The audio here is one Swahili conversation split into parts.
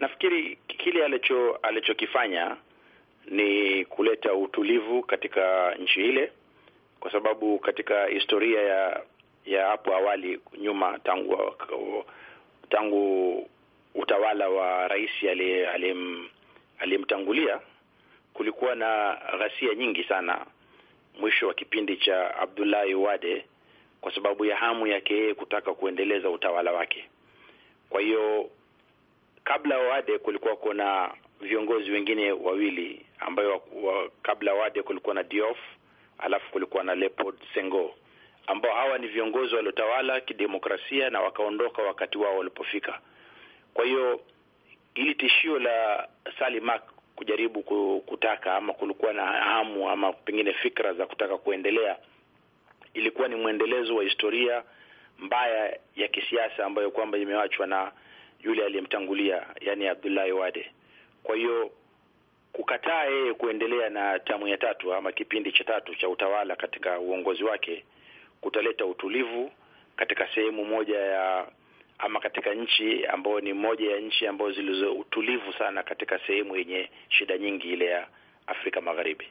Nafikiri kile alicho alichokifanya ni kuleta utulivu katika nchi ile, kwa sababu katika historia ya ya hapo awali nyuma, tangu tangu utawala wa rais aliyemtangulia, kulikuwa na ghasia nyingi sana mwisho wa kipindi cha Abdullahi Wade kwa sababu ya hamu yake yeye kutaka kuendeleza utawala wake. Kwa hiyo kabla Wade kulikuwa kuna viongozi wengine wawili ambayo wa, kabla Wade kulikuwa na diof alafu kulikuwa na Leopold Senghor ambao hawa ni viongozi waliotawala kidemokrasia na wakaondoka wakati wao walipofika. Kwa hiyo ili tishio la Salimak kujaribu kutaka ama kulikuwa na hamu ama pengine fikra za kutaka kuendelea, ilikuwa ni mwendelezo wa historia mbaya ya kisiasa ambayo kwamba imewachwa na yule aliyemtangulia, yani Abdullahi Wade. Kwa hiyo kukataa yeye kuendelea na tamu ya tatu ama kipindi cha tatu cha utawala katika uongozi wake kutaleta utulivu katika sehemu moja ya ama katika nchi ambayo ni moja ya nchi ambazo zilizo utulivu sana katika sehemu yenye shida nyingi ile ya Afrika Magharibi.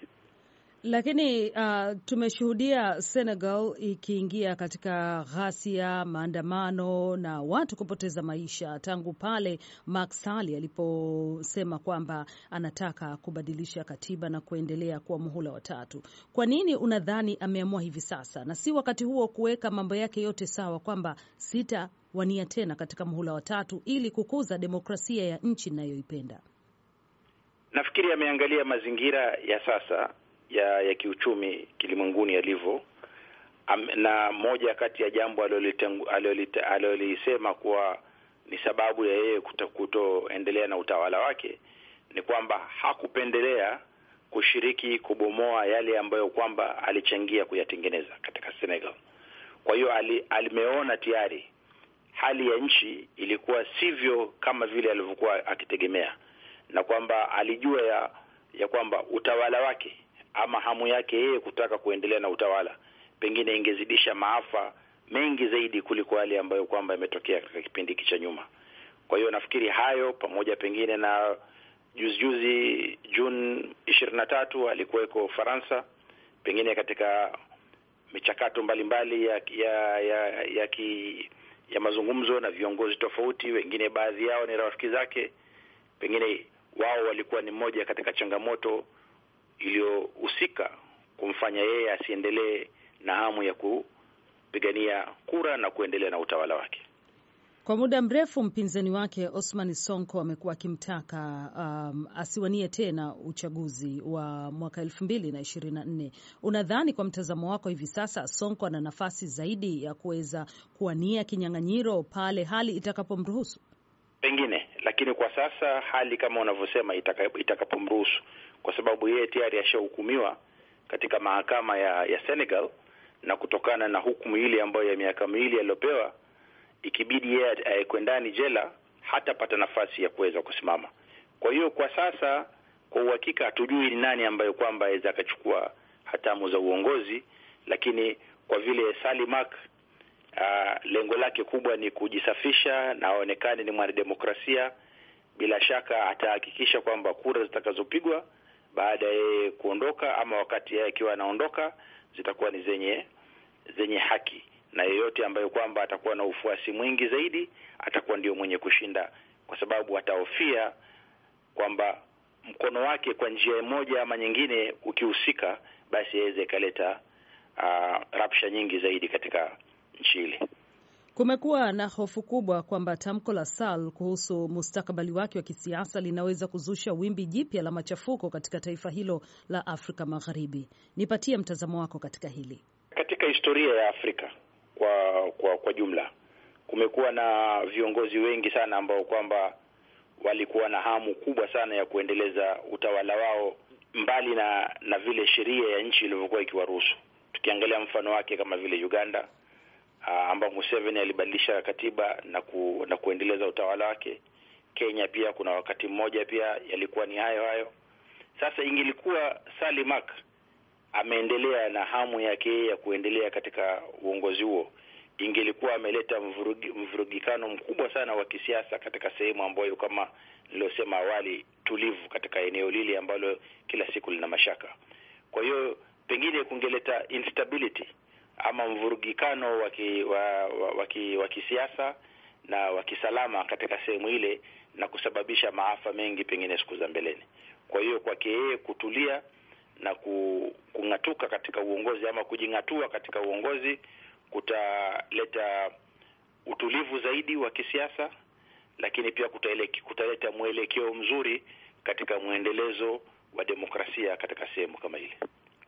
Lakini uh, tumeshuhudia Senegal ikiingia katika ghasia, maandamano na watu kupoteza maisha tangu pale Macky Sall aliposema kwamba anataka kubadilisha katiba na kuendelea kwa muhula watatu. Kwa nini unadhani ameamua hivi sasa na si wakati huo kuweka mambo yake yote sawa kwamba sita wania tena katika muhula watatu ili kukuza demokrasia ya nchi inayoipenda Nafikiri ameangalia mazingira ya sasa ya, ya kiuchumi kilimwenguni yalivyo, na moja kati ya jambo aliyolisema kuwa ni sababu ya yeye kutoendelea na utawala wake ni kwamba hakupendelea kushiriki kubomoa yale ambayo kwamba alichangia kuyatengeneza katika Senegal. Kwa hiyo alimeona tayari hali ya nchi ilikuwa sivyo kama vile alivyokuwa akitegemea, na kwamba alijua ya, ya kwamba utawala wake ama hamu yake yeye kutaka kuendelea na utawala, pengine ingezidisha maafa mengi zaidi kuliko yale ambayo kwamba yametokea katika kipindi hiki cha nyuma. Kwa hiyo nafikiri hayo pamoja pengine na juzijuzi Juni ishirini na tatu alikuweko Ufaransa, pengine katika michakato mbalimbali ya ya ya ya, ki, ya mazungumzo na viongozi tofauti, wengine baadhi yao ni rafiki zake, pengine wao walikuwa ni mmoja katika changamoto iliyohusika kumfanya yeye asiendelee na hamu ya kupigania kura na kuendelea na utawala wake. Kwa muda mrefu mpinzani wake Osman Sonko amekuwa akimtaka um, asiwanie tena uchaguzi wa mwaka elfu mbili na ishirini na nne. Unadhani kwa mtazamo wako hivi sasa Sonko ana nafasi zaidi ya kuweza kuwania kinyang'anyiro pale hali itakapomruhusu? Pengine, lakini kwa sasa hali kama unavyosema itakapomruhusu, kwa sababu yeye tayari ashahukumiwa katika mahakama ya, ya Senegal na kutokana na hukumu ile ambayo ya miaka miwili aliyopewa, ikibidi yeye awekwe ndani jela, hatapata nafasi ya kuweza kusimama. Kwa hiyo kwa sasa, kwa uhakika, hatujui ni nani ambayo kwamba aweza akachukua hatamu za uongozi, lakini kwa vile Salimak uh, lengo lake kubwa ni kujisafisha na aonekane ni mwanademokrasia, bila shaka atahakikisha kwamba kura zitakazopigwa baada ya yeye kuondoka ama wakati yeye akiwa anaondoka, zitakuwa ni zenye zenye haki, na yeyote ambayo kwamba atakuwa na ufuasi mwingi zaidi atakuwa ndio mwenye kushinda, kwa sababu atahofia kwamba mkono wake kwa njia moja ama nyingine ukihusika, basi aweze ikaleta uh, rapsha nyingi zaidi katika nchi ile. Kumekuwa na hofu kubwa kwamba tamko la Sall kuhusu mustakabali wake wa kisiasa linaweza kuzusha wimbi jipya la machafuko katika taifa hilo la Afrika Magharibi. Nipatie mtazamo wako katika hili. Katika historia ya Afrika kwa kwa, kwa jumla kumekuwa na viongozi wengi sana ambao kwamba walikuwa na hamu kubwa sana ya kuendeleza utawala wao mbali na na vile sheria ya nchi ilivyokuwa ikiwaruhusu. Tukiangalia mfano wake kama vile Uganda, Ah, ambapo Museveni alibadilisha katiba na, ku, na kuendeleza utawala wake. Kenya pia kuna wakati mmoja pia yalikuwa ni hayo hayo. Sasa ingelikuwa salimak ameendelea na hamu yake ya kuendelea katika uongozi huo, ingelikuwa ameleta mvurugikano mkubwa sana wa kisiasa katika sehemu ambayo kama niliyosema awali tulivu, katika eneo lile ambalo kila siku lina mashaka. Kwa hiyo pengine kungeleta instability ama mvurugikano wa kisiasa na wa kisalama katika sehemu ile na kusababisha maafa mengi pengine siku za mbeleni. Kwa hiyo kwake yeye kutulia na kung'atuka katika uongozi ama kujing'atua katika uongozi kutaleta utulivu zaidi wa kisiasa, lakini pia kutaleta, kutaleta mwelekeo mzuri katika mwendelezo wa demokrasia katika sehemu kama ile.